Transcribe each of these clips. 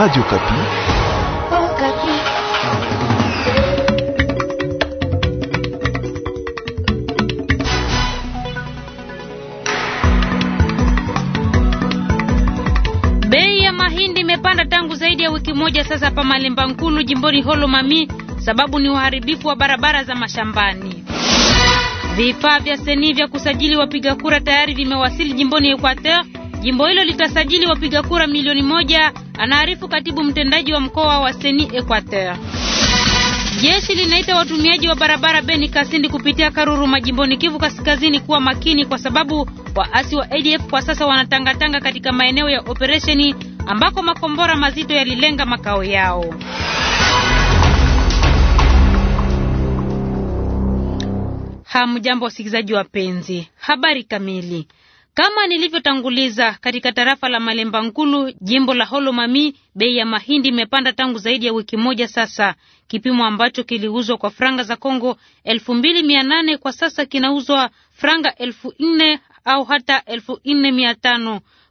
Radio Kapi. Oh, Kapi. Bei ya mahindi imepanda tangu zaidi ya wiki moja sasa pa Malemba Nkulu jimboni holo mami sababu ni uharibifu wa barabara za mashambani. Vifaa vya seni vya kusajili wapiga kura tayari vimewasili jimboni Equateur. Jimbo hilo litasajili wapiga kura milioni moja anaarifu katibu mtendaji wa mkoa wa Seni Equateur. Jeshi linaita watumiaji wa barabara Beni Kasindi kupitia Karuru majimboni Kivu Kaskazini kuwa makini kwa sababu waasi wa ADF kwa sasa wanatangatanga katika maeneo ya operesheni ambako makombora mazito yalilenga makao yao. Hamjambo wasikilizaji wapenzi, habari kamili kama nilivyotanguliza, katika tarafa la Malemba Nkulu, jimbo la Holo Mami, bei ya mahindi imepanda tangu zaidi ya wiki moja sasa. Kipimo ambacho kiliuzwa kwa franga za Kongo 2800 kwa sasa kinauzwa franga elfu au hata elfu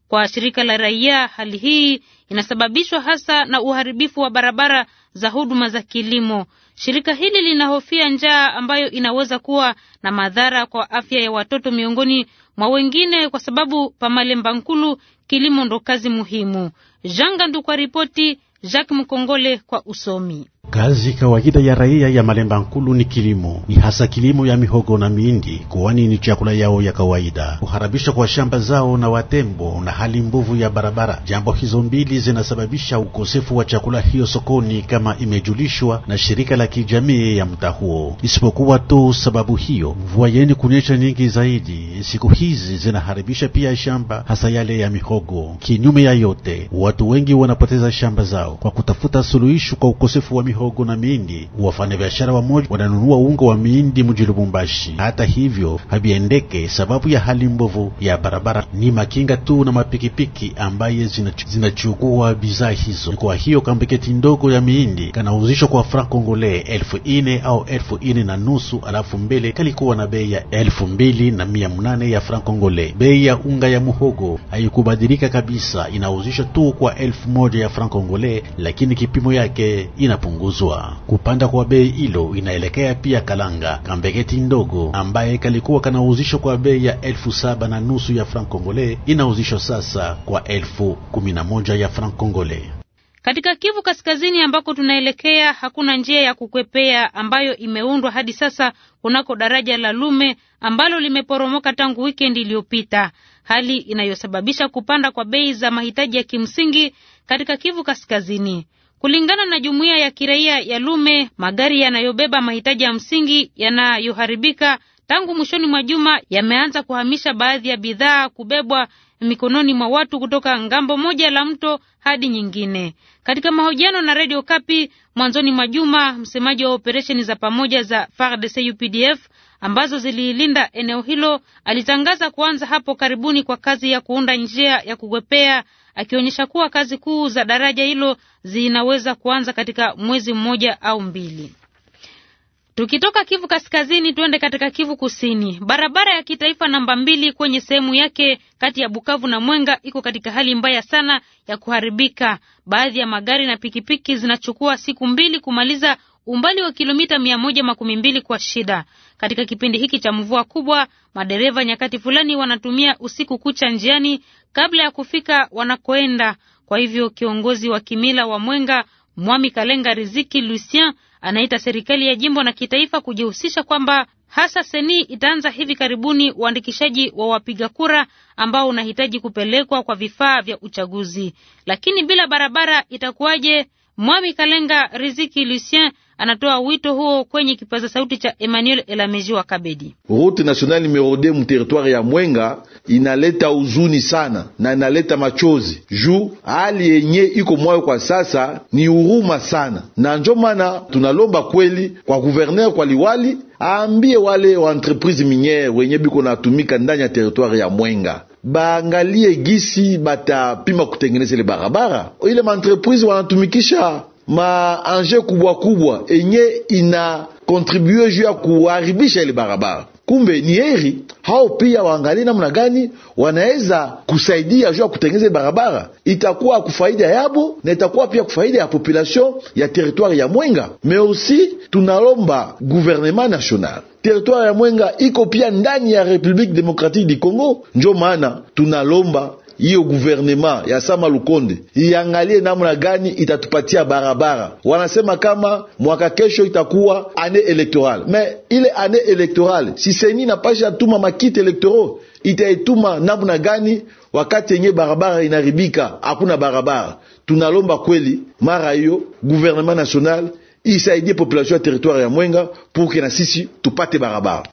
kwa shirika la raia. Hali hii inasababishwa hasa na uharibifu wa barabara za huduma za kilimo. Shirika hili linahofia njaa ambayo inaweza kuwa na madhara kwa afya ya watoto miongoni mwa wengine kwa sababu Pamalemba Nkulu kilimo ndo kazi muhimu. Janga ndu kwa ripoti Jacques Mkongole kwa usomi. Kazi kawaida ya raia ya Malemba Nkulu ni kilimo, ni hasa kilimo ya mihogo na miindi, kwani ni chakula yao ya kawaida, kuharabishwa kwa shamba zao na watembo na hali mbovu ya barabara. Jambo hizo mbili zinasababisha ukosefu wa chakula hiyo sokoni, kama imejulishwa na shirika la kijamii ya mtaa huo. Isipokuwa tu sababu hiyo, mvua yeni kunyesha nyingi zaidi siku hizi zinaharibisha pia shamba, hasa yale ya mihogo. Kinyume ya yote, watu wengi wanapoteza shamba zao kwa kutafuta suluhisho kwa ukosefu wa mihogo mihogo na miindi Wafanyabiashara wamoja wananunua unga wa miindi mji Lubumbashi. Hata hivyo, habiendeke sababu ya hali mbovu ya barabara. Ni makinga tu na mapikipiki ambaye zinachukua bidhaa hizo. Kwa hiyo kambiketi ndogo ya miindi kanauzishwa kwa franc congolais elfu ine au elfu ine na nusu, alafu mbele kalikuwa na bei ya elfu mbili na mia mnane ya franc congolais. Bei ya unga ya muhogo haikubadilika kabisa, inauzishwa tu kwa elfu moja ya franc congolais, lakini kipimo yake inapungua kupunguzwa. Kupanda kwa bei hilo inaelekea pia kalanga kambegeti ndogo ambaye kalikuwa kanauzishwa kwa bei ya elfu saba na nusu ya franc congolais inauzishwa sasa kwa elfu kumi na moja ya franc congolais. Katika Kivu Kaskazini ambako tunaelekea, hakuna njia ya kukwepea ambayo imeundwa hadi sasa kunako daraja la Lume ambalo limeporomoka tangu wikendi iliyopita, hali inayosababisha kupanda kwa bei za mahitaji ya kimsingi katika Kivu Kaskazini. Kulingana na jumuiya ya kiraia ya Lume, magari yanayobeba mahitaji ya msingi yanayoharibika tangu mwishoni mwa juma yameanza kuhamisha baadhi ya bidhaa kubebwa mikononi mwa watu kutoka ngambo moja la mto hadi nyingine. Katika mahojiano na Radio Kapi mwanzoni mwa juma, msemaji wa operesheni za pamoja za FARDC UPDF ambazo zililinda eneo hilo, alitangaza kuanza hapo karibuni kwa kazi ya kuunda njia ya kugwepea, akionyesha kuwa kazi kuu za daraja hilo zinaweza kuanza katika mwezi mmoja au mbili. Tukitoka Kivu Kaskazini tuende katika Kivu Kusini. Barabara ya kitaifa namba mbili kwenye sehemu yake kati ya Bukavu na Mwenga iko katika hali mbaya sana ya kuharibika. Baadhi ya magari na pikipiki zinachukua siku mbili kumaliza umbali wa kilomita mia moja makumi mbili kwa shida. Katika kipindi hiki cha mvua kubwa, madereva nyakati fulani wanatumia usiku kucha njiani kabla ya kufika wanakoenda. Kwa hivyo kiongozi wa kimila wa Mwenga Mwami Kalenga Riziki Lucien anaita serikali ya jimbo na kitaifa kujihusisha kwamba hasa seni itaanza hivi karibuni uandikishaji wa wapiga kura ambao unahitaji kupelekwa kwa vifaa vya uchaguzi. Lakini bila barabara itakuwaje? Mwami Kalenga Riziki Lucien anatoa wito huo kwenye kipaza sauti cha Emmanuel Elamezi wa Kabedi. Route nationale numero 2 mu territoire ya Mwenga inaleta uzuni sana na inaleta machozi juu hali yenye iko mwayo kwa sasa ni huruma sana, na njo maana tunalomba kweli kwa guverner, kwa liwali aambie wale wa entreprise miniere wenye biko natumika ndani ya territoire ya Mwenga baangalie gisi batapima kutengeneza ile barabara, ile maentreprise wanatumikisha maanje kubwa kubwa enye ina kontribue juu ya kuharibisha ile barabara. Kumbe ni heri hao pia waangalie namna gani wanaweza kusaidia juu ya kutengeneza barabara, itakuwa kufaida yabo na itakuwa pia kufaida ya population ya teritoire ya Mwenga. Me aussi tunalomba gouvernement national teritoire ya Mwenga iko pia ndani ya Republique Democratique du Congo, njo maana tunalomba hiyo guvernema ya Sama Lukonde iangalie namna gani itatupatia barabara. Wanasema kama mwaka kesho itakuwa ane elektorale, me ile ane elektorale sisemi napasha tuma makiti elektoro itaituma namna gani wakati yenye barabara inaribika, hakuna barabara. Tunalomba kweli mara hiyo gouvernement national isaidie population ya territoire ya Mwenga pour que na sisi tupate barabara.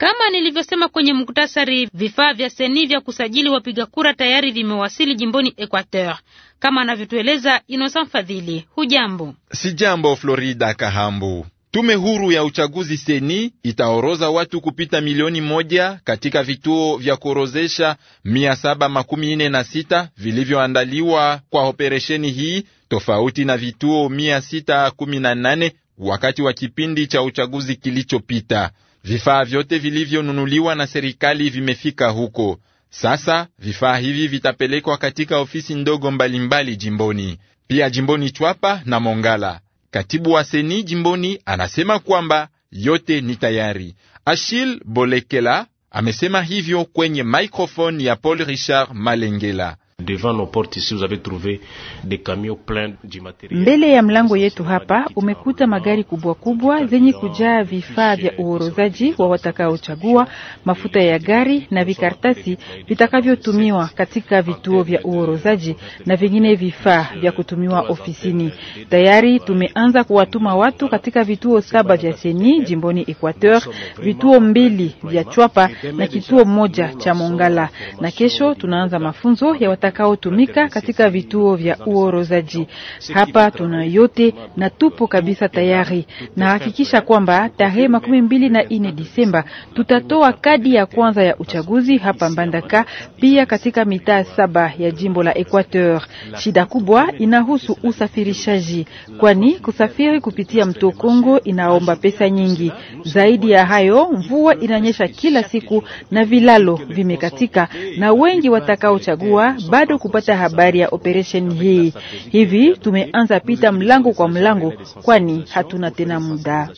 Kama nilivyosema kwenye muktasari, vifaa vya seni vya kusajili wapiga kura tayari vimewasili jimboni Equateur, kama anavyotueleza Innocent Fadhili. Hujambo? Si jambo, Florida Kahambu. Tume huru ya uchaguzi seni itaoroza watu kupita milioni moja katika vituo vya kuorozesha 746 vilivyoandaliwa kwa operesheni hii tofauti na vituo 618 wakati wa kipindi cha uchaguzi kilichopita. Vifaa vyote vilivyonunuliwa na serikali vimefika huko. Sasa vifaa hivi vitapelekwa katika ofisi ndogo mbalimbali mbali jimboni, pia jimboni Chwapa na Mongala. Katibu wa seni jimboni anasema kwamba yote ni tayari. Ashil Bolekela amesema hivyo kwenye maikrofoni ya Paul Richard Malengela. Devant nos portes ici, vous avez trouvé des camions pleins du Mbele ya mlango yetu hapa umekuta magari kubwa kubwa zenye kujaa vifaa vya uorozaji wa watakaochagua, mafuta ya gari na vikartasi vitakavyotumiwa katika vituo vya uorozaji na vingine vifaa vya kutumiwa ofisini. Tayari tumeanza kuwatuma watu katika vituo saba vya Seni jimboni Equateur, vituo mbili vya Chwapa na kituo moja cha Mongala, na kesho tunaanza mafunzo ya utakaotumika katika vituo vya uorozaji. Hapa tuna yote na tupo kabisa tayari, na hakikisha kwamba tarehe makumi mbili na ine Disemba tutatoa kadi ya kwanza ya uchaguzi hapa Mbandaka, pia katika mitaa saba ya jimbo la Equateur. Shida kubwa inahusu usafirishaji, kwani kusafiri kupitia mto Kongo inaomba pesa nyingi. Zaidi ya hayo, mvua inanyesha kila siku na vilalo vimekatika, na wengi watakaochagua bado kupata habari ya operation hii. Hivi tumeanza pita mlango kwa mlango, kwani hatuna tena muda.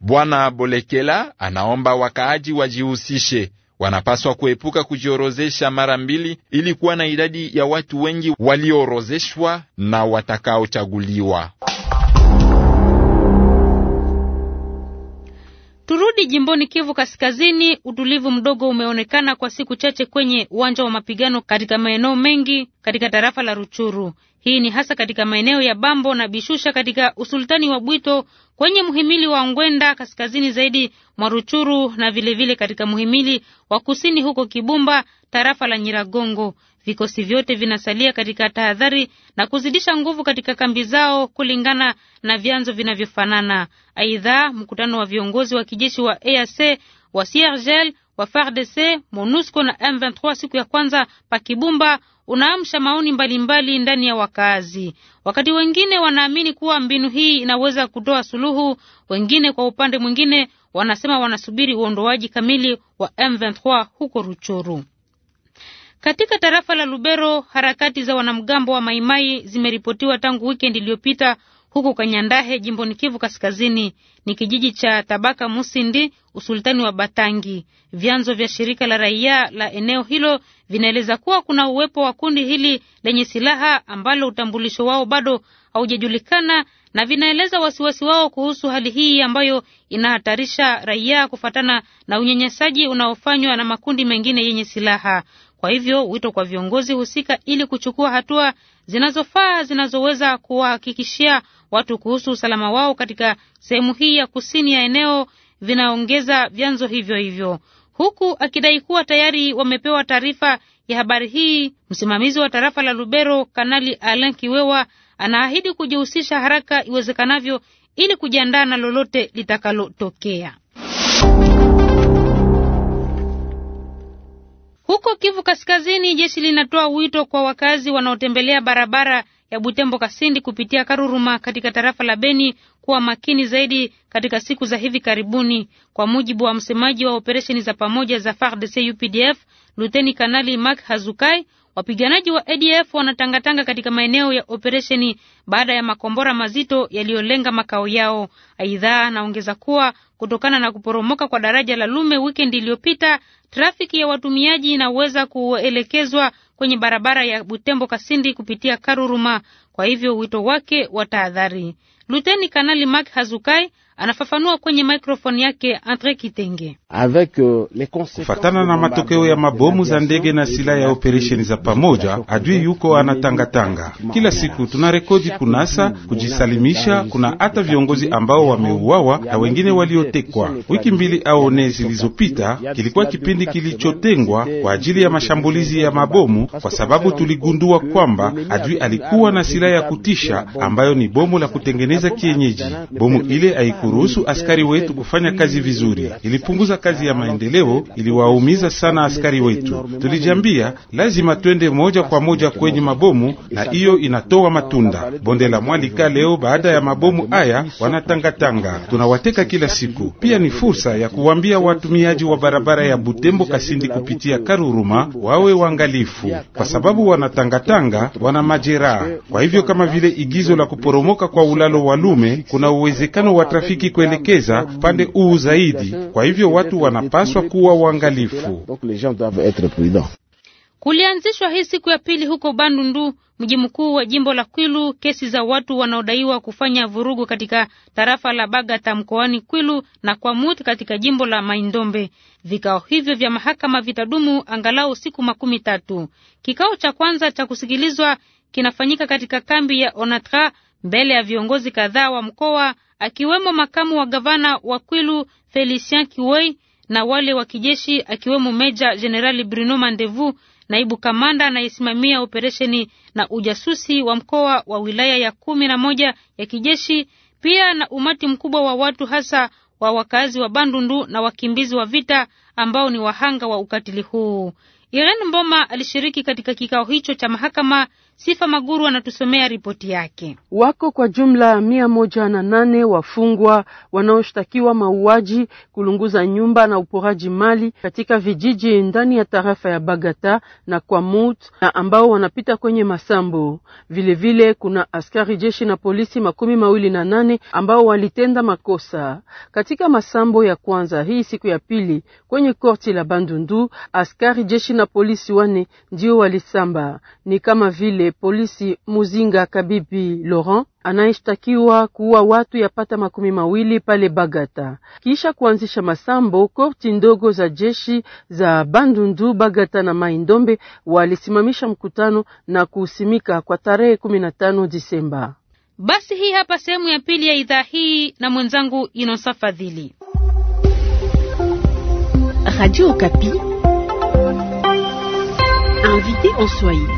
Bwana Bolekela anaomba wakaaji wajihusishe wanapaswa kuepuka kujiorozesha mara mbili ili kuwa na idadi ya watu wengi walioorozeshwa na watakaochaguliwa. Turudi jimboni Kivu Kaskazini. Utulivu mdogo umeonekana kwa siku chache kwenye uwanja wa mapigano katika maeneo mengi katika tarafa la Ruchuru. Hii ni hasa katika maeneo ya Bambo na Bishusha katika usultani wa Bwito kwenye mhimili wa Ngwenda kaskazini zaidi mwa Ruchuru na vilevile vile katika muhimili wa kusini huko Kibumba tarafa la Nyiragongo. Vikosi vyote vinasalia katika tahadhari na kuzidisha nguvu katika kambi zao kulingana na vyanzo vinavyofanana. Aidha, mkutano wa viongozi wa kijeshi wa EAC wa Siergel wa FARDC, MONUSCO na M23 siku ya kwanza pa Kibumba unaamsha maoni mbalimbali mbali ndani ya wakaazi. Wakati wengine wanaamini kuwa mbinu hii inaweza kutoa suluhu, wengine kwa upande mwingine wanasema wanasubiri uondoaji kamili wa M23 huko Ruchuru. Katika tarafa la Lubero, harakati za wanamgambo wa Maimai zimeripotiwa tangu wikendi iliyopita huko Kanyandahe jimboni Kivu Kaskazini ni kijiji cha tabaka Musindi, usultani wa Batangi. Vyanzo vya shirika la raia la eneo hilo vinaeleza kuwa kuna uwepo wa kundi hili lenye silaha ambalo utambulisho wao bado haujajulikana, na vinaeleza wasiwasi wao kuhusu hali hii ambayo inahatarisha raia kufatana na unyanyasaji unaofanywa na makundi mengine yenye silaha. Kwa hivyo wito kwa viongozi husika ili kuchukua hatua zinazofaa zinazoweza kuwahakikishia watu kuhusu usalama wao katika sehemu hii ya kusini ya eneo, vinaongeza vyanzo hivyo hivyo, huku akidai kuwa tayari wamepewa taarifa ya habari hii. Msimamizi wa tarafa la Lubero, Kanali Alain Kiwewa, anaahidi kujihusisha haraka iwezekanavyo ili kujiandaa na lolote litakalotokea. Huko Kivu Kaskazini, jeshi linatoa wito kwa wakazi wanaotembelea barabara ya Butembo Kasindi kupitia Karuruma katika tarafa la Beni kuwa makini zaidi katika siku za hivi karibuni. Kwa mujibu wa msemaji wa operesheni za pamoja za FARDC UPDF, Luteni Kanali Mark Hazukai, Wapiganaji wa ADF wanatangatanga katika maeneo ya operesheni baada ya makombora mazito yaliyolenga makao yao. Aidha, naongeza kuwa kutokana na kuporomoka kwa daraja la Lume wikendi iliyopita, trafiki ya watumiaji inaweza kuelekezwa kwenye barabara ya Butembo Kasindi kupitia Karuruma. Kwa hivyo wito wake wa tahadhari. Luteni Kanali Mark Hazukai Anafafanua kwenye mikrofoni yake Andre Kitenge. Euh, Kufatana na matokeo ya mabomu za ndege na silaha ya operesheni za pamoja, adui yuko anatangatanga kila siku. Tuna rekodi kunasa, kujisalimisha, kuna hata viongozi ambao wameuawa na wengine waliotekwa. Wiki mbili au nne zilizopita kilikuwa kipindi kilichotengwa kwa ajili ya mashambulizi ya mabomu, kwa sababu tuligundua kwamba adui alikuwa na silaha ya kutisha ambayo ni bomu la kutengeneza kienyeji. Bomu ile kuruhusu askari wetu kufanya kazi vizuri, ilipunguza kazi ya maendeleo, iliwaumiza sana askari wetu. Tulijiambia lazima twende moja kwa moja kwenye mabomu, na hiyo inatoa matunda. Bonde la Mwalika leo baada ya mabomu haya wanatangatanga, tunawateka kila siku. Pia ni fursa ya kuwambia watumiaji wa barabara ya Butembo Kasindi kupitia Karuruma wawe wangalifu kwa sababu wanatangatanga, wana majeraha. Kwa hivyo kama vile igizo la kuporomoka kwa ulalo wa Lume, kuna uwezekano wa trafiki hawafiki kuelekeza pande huu zaidi. Kwa hivyo watu wanapaswa kuwa waangalifu. Kulianzishwa hii siku ya pili huko Bandundu, mji mkuu wa jimbo la Kwilu, kesi za watu wanaodaiwa kufanya vurugu katika tarafa la Bagata mkoani Kwilu na kwamut katika jimbo la Maindombe. Vikao hivyo vya mahakama vitadumu angalau siku makumi tatu. Kikao cha kwanza cha kusikilizwa kinafanyika katika kambi ya Onatra mbele ya viongozi kadhaa wa mkoa akiwemo makamu wa gavana wa Kwilu Felicien Kiwei na wale wa kijeshi akiwemo Meja Jenerali Bruno Mandevu, naibu kamanda anayesimamia operesheni na ujasusi wa mkoa wa wilaya ya kumi na moja ya kijeshi, pia na umati mkubwa wa watu hasa wa wakazi wa Bandundu na wakimbizi wa vita ambao ni wahanga wa ukatili huu. Irene Mboma alishiriki katika kikao hicho cha mahakama. Sifa Maguru anatusomea ripoti yake. Wako kwa jumla mia moja na nane wafungwa wanaoshtakiwa mauaji, kulunguza nyumba na uporaji mali katika vijiji ndani ya tarafa ya Bagata na Kwamut na ambao wanapita kwenye masambo. Vilevile vile, kuna askari jeshi na polisi makumi mawili na nane ambao walitenda makosa katika masambo ya kwanza hii siku ya pili kwenye korti la Bandundu. Askari jeshi na na polisi wane ndio walisamba. Ni kama vile polisi Muzinga Kabibi Laurent anayeshtakiwa kuua watu yapata makumi mawili pale Bagata kisha kuanzisha masambo. Korti ndogo za jeshi za Bandundu, Bagata na Maindombe walisimamisha mkutano na kuusimika kwa tarehe kumi na tano Disemba. Basi hii hapa sehemu ya pili ya idhaa hii na mwenzangu Inosa Fadhili, Radio Kapi. Invité en Swahili.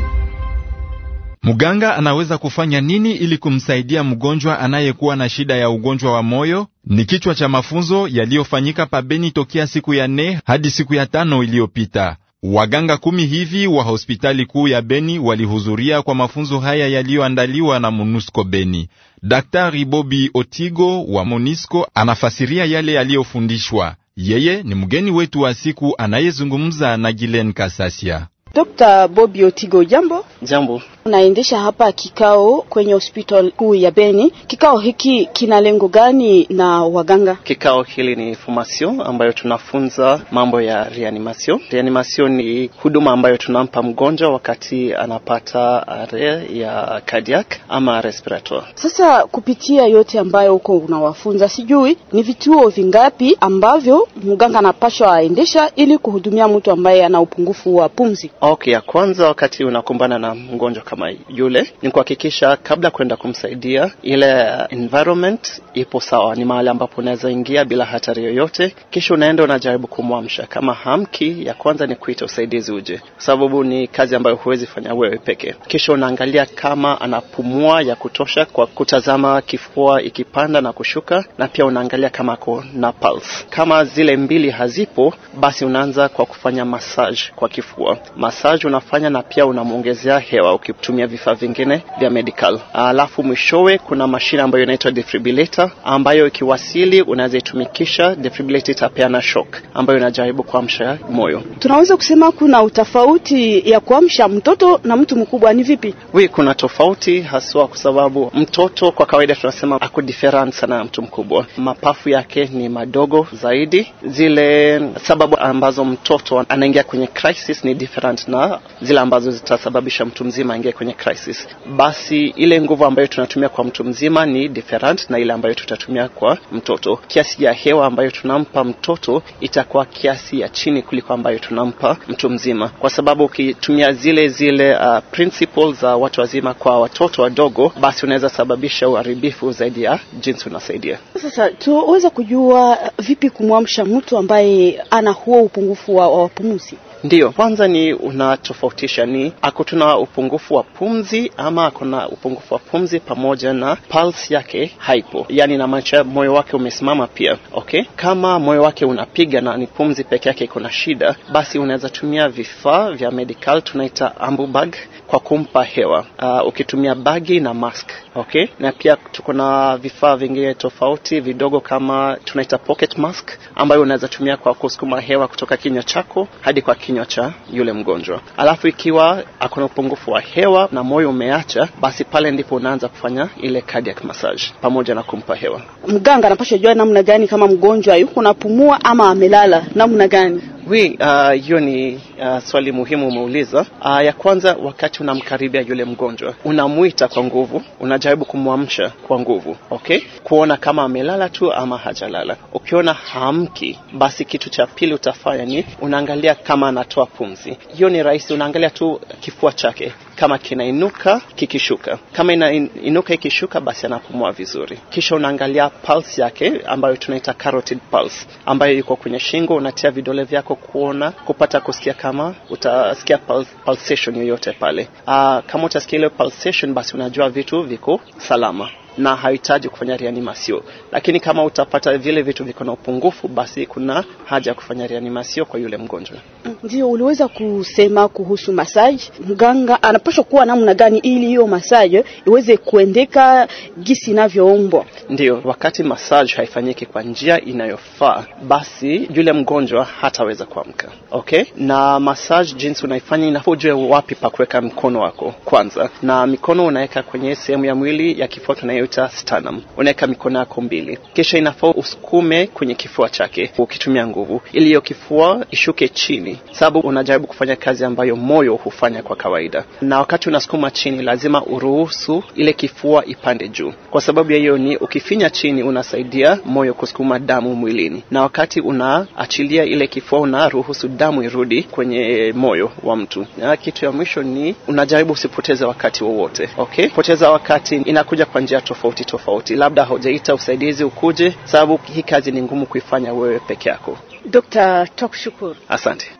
Muganga anaweza kufanya nini ili kumsaidia mgonjwa anayekuwa na shida ya ugonjwa wa moyo? Ni kichwa cha mafunzo yaliyofanyika pabeni tokea siku ya nne hadi siku ya tano iliyopita. Waganga kumi hivi wa hospitali kuu ya Beni walihudhuria kwa mafunzo haya yaliyoandaliwa na MONUSCO Beni. Daktari Bobi Otigo wa MONUSCO anafasiria yale yaliyofundishwa. Yeye ni mgeni wetu wa siku anayezungumza na Gilen Kasasia. Dr. Bobby Otigo, jambo. Jambo. Naendesha hapa kikao kwenye hospitali kuu ya Beni. Kikao hiki kina lengo gani na waganga? Kikao hili ni formation ambayo tunafunza mambo ya reanimation. Reanimation ni huduma ambayo tunampa mgonjwa wakati anapata are ya cardiac ama respirator. Sasa kupitia yote ambayo huko unawafunza, sijui ni vituo vingapi ambavyo mganga anapashwa aendesha ili kuhudumia mtu ambaye ana upungufu wa pumzi? Okay, ya kwanza wakati unakumbana na mgonjwa kama yule ni kuhakikisha kabla kwenda kumsaidia, ile environment ipo sawa, ni mahali ambapo unaweza ingia bila hatari yoyote, kisha unaenda unajaribu kumwamsha. Kama hamki, ya kwanza ni kuita usaidizi uje, sababu ni kazi ambayo huwezi fanya wewe peke. Kisha unaangalia kama anapumua ya kutosha kwa kutazama kifua ikipanda na kushuka, na pia unaangalia kama ako na pulse. Kama zile mbili hazipo, basi unaanza kwa kufanya massage kwa kifua. Massage unafanya na pia unamwongezea hewa uki kutumia vifaa vingine vya medical. Alafu mwishowe kuna mashine ambayo inaitwa defibrillator ambayo ikiwasili unaweza itumikisha, defibrillator itapeana shock ambayo inajaribu kuamsha moyo. Tunaweza kusema kuna utofauti ya kuamsha mtoto na mtu mkubwa ni vipi? Wi, kuna tofauti haswa, kwa sababu mtoto kwa kawaida tunasema ako different sana na mtu mkubwa, mapafu yake ni madogo zaidi, zile sababu ambazo mtoto anaingia kwenye crisis ni different na zile ambazo zitasababisha mtu mzima aingie kwenye crisis, basi ile nguvu ambayo tunatumia kwa mtu mzima ni different na ile ambayo tutatumia kwa mtoto. Kiasi ya hewa ambayo tunampa mtoto itakuwa kiasi ya chini kuliko ambayo tunampa mtu mzima, kwa sababu ukitumia zile zile uh, principles za uh, watu wazima kwa watoto wadogo, basi unaweza sababisha uharibifu zaidi ya jinsi unasaidia. Sasa tuweza kujua vipi kumwamsha mtu ambaye ana huo upungufu wa wapumuzi? Ndiyo, kwanza ni unatofautisha ni ako tuna upungufu wa pumzi ama ako na upungufu wa pumzi pamoja na pulse yake haipo, yani namaanisha moyo wake umesimama pia. Okay, kama moyo wake unapiga na ni pumzi peke yake iko na shida, basi unaweza tumia vifaa vya medical tunaita ambubag kwa kumpa hewa uh, ukitumia bagi na mask okay. Na pia tuko na vifaa vingine tofauti vidogo kama tunaita pocket mask ambayo unaweza tumia kwa kusukuma hewa kutoka kinywa chako hadi kwa kinywa cha yule mgonjwa. Alafu ikiwa akona upungufu wa hewa na moyo umeacha, basi pale ndipo unaanza kufanya ile cardiac massage pamoja na kumpa hewa. Mganga anapaswa jua namna gani kama mgonjwa yuko napumua ama amelala namna gani Wi, ah, hiyo uh, ni uh, swali muhimu umeuliza. Uh, ya kwanza, wakati unamkaribia yule mgonjwa, unamwita kwa nguvu, unajaribu kumwamsha kwa nguvu, okay, kuona kama amelala tu ama hajalala. Ukiona hamki, basi kitu cha pili utafanya ni unaangalia kama anatoa pumzi. Hiyo ni rahisi, unaangalia tu kifua chake kama kinainuka kikishuka. Kama inainuka ikishuka, basi anapumua vizuri. Kisha unaangalia pulse yake ambayo tunaita carotid pulse, ambayo iko kwenye shingo. Unatia vidole vyako kuona kupata kusikia kama utasikia pulse, pulsation yoyote pale. Aa, ah, kama utasikia ile pulsation, basi unajua vitu viko salama na hahitaji kufanya reanimasio. Lakini kama utapata vile vitu viko na upungufu, basi kuna haja ya kufanya reanimasio kwa yule mgonjwa. Ndio uliweza kusema kuhusu masaji, mganga anapaswa kuwa namna gani ili hiyo masaji iweze kuendeka gisi inavyoombwa? Ndio, wakati masaji haifanyiki kwa njia inayofaa, basi yule mgonjwa hataweza kuamka. Okay, na masaji jinsi unaifanya inafaa wapi pa kuweka mkono wako kwanza, na mikono unaweka kwenye sehemu ya mwili ya kifua tunayo inayoita sternum. Unaweka mikono yako mbili, kisha inafaa usukume kwenye kifua chake ukitumia nguvu, ili hiyo kifua ishuke chini, sababu unajaribu kufanya kazi ambayo moyo hufanya kwa kawaida. Na wakati unasukuma chini, lazima uruhusu ile kifua ipande juu. Kwa sababu ya hiyo ni ukifinya chini, unasaidia moyo kusukuma damu mwilini, na wakati unaachilia ile kifua, unaruhusu damu irudi kwenye moyo wa mtu. Na kitu ya mwisho ni unajaribu usipoteze wakati wowote, okay? Poteza wakati inakuja kwa njia tofauti tofauti tofauti, labda haujaita usaidizi ukuje, sababu hii kazi ni ngumu kuifanya wewe peke yako. Dr. Tokshukuru, asante.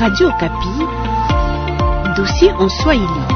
Radio Kapi, dossier en Swahili.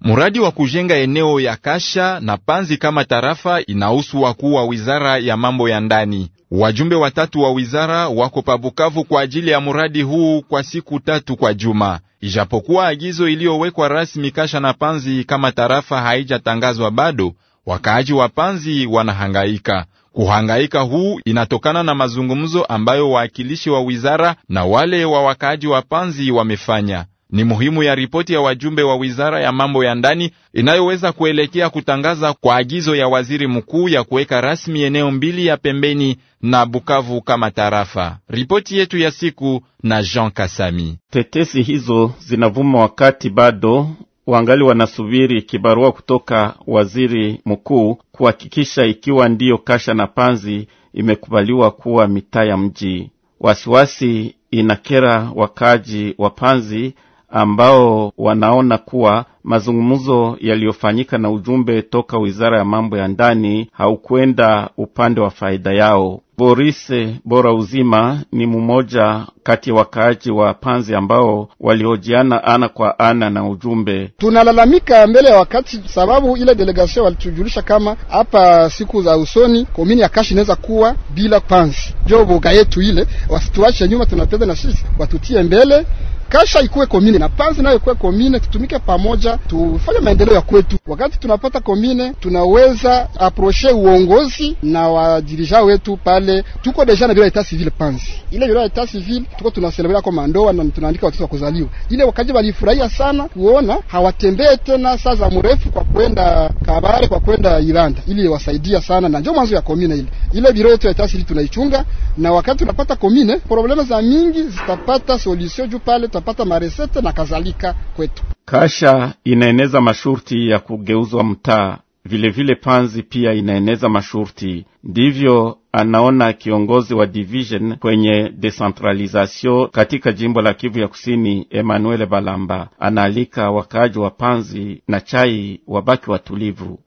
Mradi wa kujenga eneo ya Kasha na Panzi kama tarafa inahusu wakuu wa wizara ya mambo ya ndani. Wajumbe watatu wa wizara wako pabukavu kwa ajili ya mradi huu kwa siku tatu kwa juma. Ijapokuwa agizo iliyowekwa rasmi Kasha na Panzi kama tarafa haijatangazwa bado, wakaaji wa Panzi wanahangaika. Kuhangaika huu inatokana na mazungumzo ambayo waakilishi wa wizara na wale wa wakaaji wa Panzi wamefanya ni muhimu ya ripoti ya wajumbe wa wizara ya mambo ya ndani inayoweza kuelekea kutangaza kwa agizo ya waziri mkuu ya kuweka rasmi eneo mbili ya pembeni na Bukavu kama tarafa. Ripoti yetu ya siku na Jean Kasami. Tetesi hizo zinavuma wakati bado wangali wanasubiri kibarua kutoka waziri mkuu kuhakikisha ikiwa ndiyo Kasha na Panzi imekubaliwa kuwa mitaa ya mji. Wasiwasi inakera wakaji wa Panzi ambao wanaona kuwa mazungumzo yaliyofanyika na ujumbe toka wizara ya mambo ya ndani haukwenda upande wa faida yao. Boris Bora Uzima ni mmoja kati ya wakaaji wa Panzi ambao waliojiana ana kwa ana na ujumbe. Tunalalamika mbele ya wakati, sababu ile delegasio walitujulisha kama hapa siku za usoni komini ya Kashi inaweza kuwa bila Panzi, jo boga yetu ile, wasituache nyuma, tunapenda na sisi watutie mbele Kasha ikuwe komine na Panzi nayo ikuwe komine, tutumike pamoja, tufanye maendeleo ya kwetu. Wakati tunapata komine, tunaweza aproche uongozi na wadirija wetu pale. Tuko deja na biro ya etat civil Panzi, ile biro etat civil tuko tunaselebrea kwa mandoa na tunaandika watoto wa kuzaliwa. Ile wakaji walifurahia sana kuona hawatembee tena saa za mrefu kwa kwenda Kabare, kwa kwenda Iranda, ili wasaidia sana, na ndio mwanzo ya komine ile ile biro yetu ya tasiri tunaichunga, na wakati tunapata komine problema za mingi zitapata solution juu pale tutapata maresete na kadhalika kwetu. Kasha inaeneza mashurti ya kugeuzwa mtaa vilevile, Panzi pia inaeneza mashurti, ndivyo anaona kiongozi wa division kwenye decentralization katika jimbo la Kivu ya Kusini, Emmanuel Balamba, anaalika wakaaji wa Panzi na Chai wabaki watulivu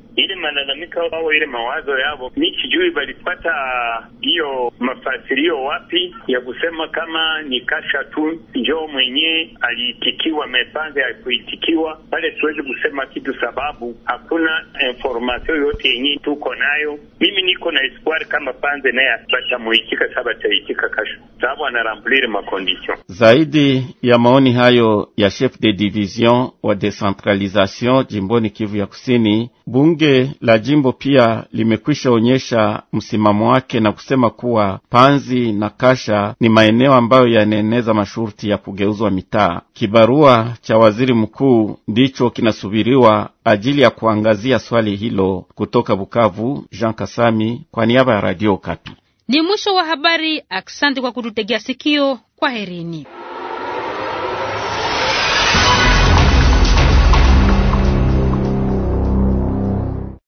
malalamiko wao ile mawazo yavo ni sijui walipata hiyo mafasirio wapi ya kusema kama ni kasha tu njo mwenye aliitikiwa mepanze kuitikiwa pale, tuwezi kusema kitu sababu hakuna informasio yote yenyewe tuko nayo. Mimi niko na espoir kama pa tuanze naye batamuikika sa bataitika kasho sababu anaramplire makondition. Zaidi ya maoni hayo ya chef de division wa decentralisation jimboni Kivu ya Kusini Bunge la jimbo pia limekwisha onyesha msimamo wake na kusema kuwa Panzi na Kasha ni maeneo ambayo yanaeneza masharti ya kugeuzwa mitaa. Kibarua cha waziri mkuu ndicho kinasubiriwa ajili ya kuangazia swali hilo. Kutoka Bukavu, Jean Kasami kwa niaba ya Radio Kapi. Ni mwisho wa habari. Asante kwa kututegea sikio. Kwaherini.